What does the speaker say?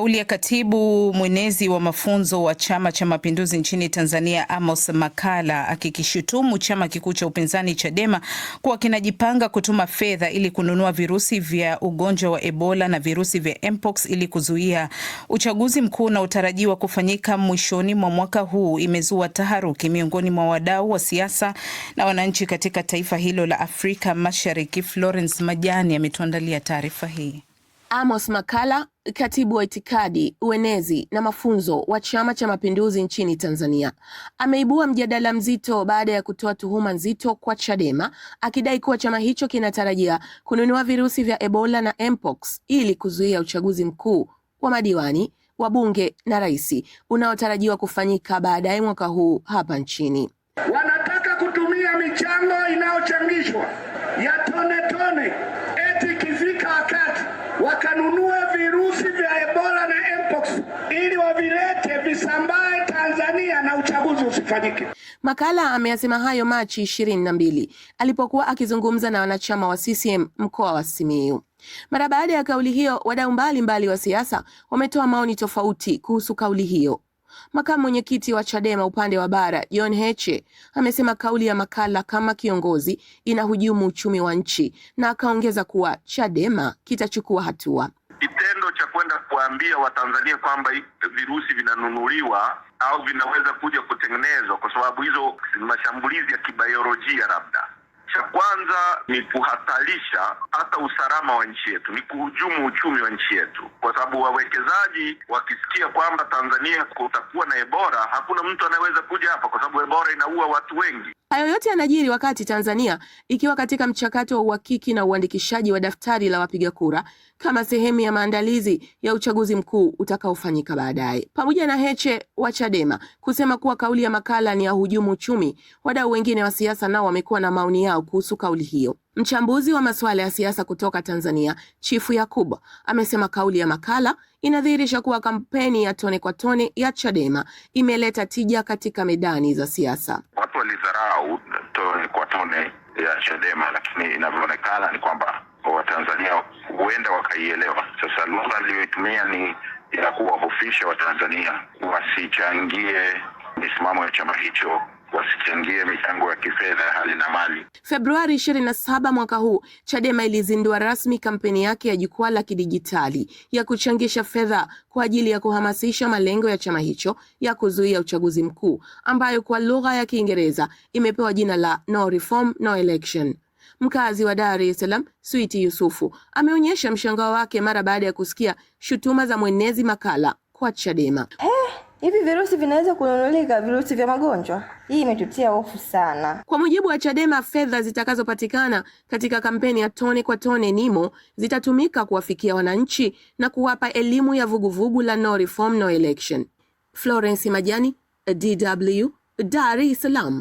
Kauli ya katibu mwenezi wa mafunzo wa Chama cha Mapinduzi nchini Tanzania Amos makala akikishutumu chama kikuu cha upinzani Chadema kuwa kinajipanga kutuma fedha ili kununua virusi vya ugonjwa wa Ebola na virusi vya Mpox ili kuzuia uchaguzi mkuu unaotarajiwa kufanyika mwishoni mwa mwaka huu imezua taharuki miongoni mwa wadau wa siasa na wananchi katika taifa hilo la Afrika Mashariki. Florence Majani ametuandalia taarifa hii. Amos makala katibu wa itikadi, uenezi na mafunzo wa Chama cha Mapinduzi nchini Tanzania, ameibua mjadala mzito baada ya kutoa tuhuma nzito kwa Chadema akidai kuwa chama hicho kinatarajia kununua virusi vya Ebola na Mpox ili kuzuia uchaguzi mkuu wa madiwani, wa bunge na rais unaotarajiwa kufanyika baadaye mwaka huu hapa nchini. Wanataka kutumia michango inayochangishwa ya tone tone eti ikifika wakati wakanunue virusi vya Ebola na Mpox ili wavilete visambae Tanzania na uchaguzi usifanyike. Makala ameyasema hayo Machi ishirini na mbili alipokuwa akizungumza na wanachama wa CCM mkoa wa Simiyu. Mara baada ya kauli hiyo, wadau mbalimbali wa siasa wametoa maoni tofauti kuhusu kauli hiyo. Makamu mwenyekiti wa Chadema upande wa bara John Heche amesema kauli ya Makalla kama kiongozi inahujumu uchumi wa nchi na akaongeza kuwa Chadema kitachukua hatua. Kitendo cha kwenda kuambia Watanzania kwamba virusi vinanunuliwa au vinaweza kuja kutengenezwa, kwa sababu hizo mashambulizi ya kibayolojia labda cha kwanza ni kuhatarisha hata usalama wa nchi yetu, ni kuhujumu uchumi wa nchi yetu, kwa sababu wawekezaji wakisikia kwamba Tanzania kutakuwa na Ebola, hakuna mtu anayeweza kuja hapa, kwa sababu Ebola inaua watu wengi. Hayo yote yanajiri wakati Tanzania ikiwa katika mchakato wa uhakiki na uandikishaji wa daftari la wapiga kura kama sehemu ya maandalizi ya uchaguzi mkuu utakaofanyika baadaye. Pamoja na Heche wa Chadema kusema kuwa kauli ya makala ni ya hujumu uchumi, wadau wengine wa siasa nao wamekuwa na maoni yao kuhusu kauli hiyo. Mchambuzi wa masuala ya siasa kutoka Tanzania, Chifu Yakub amesema kauli ya makala inadhihirisha kuwa kampeni ya tone kwa tone ya Chadema imeleta tija katika medani za siasa walidharau tone kwa tone ya Chadema, lakini inavyoonekana ni kwamba Watanzania huenda wakaielewa. Sasa lugha aliyoitumia ni ya kuwahofisha Watanzania wasichangie misimamo ya chama hicho wasichangie michango ya kifedha hali na mali. Februari saba mwaka huu, Chadema ilizindua rasmi kampeni yake ya jukwaa la kidijitali ya kuchangisha fedha kwa ajili ya kuhamasisha malengo ya chama hicho ya kuzuia uchaguzi mkuu, ambayo kwa lugha ya Kiingereza imepewa jina la No Reform, No Election. Mkazi wa Dar es Salaam Switi Yusufu ameonyesha mshangao wake mara baada ya kusikia shutuma za mwenezi makala kwa Chadema eh. Hivi virusi vinaweza kununulika, virusi vya magonjwa? Hii imetutia hofu sana. Kwa mujibu wa Chadema, fedha zitakazopatikana katika kampeni ya tone kwa tone Nimo zitatumika kuwafikia wananchi na kuwapa elimu ya vuguvugu la no reform no election. Florence Majani, DW, Dar es Salaam.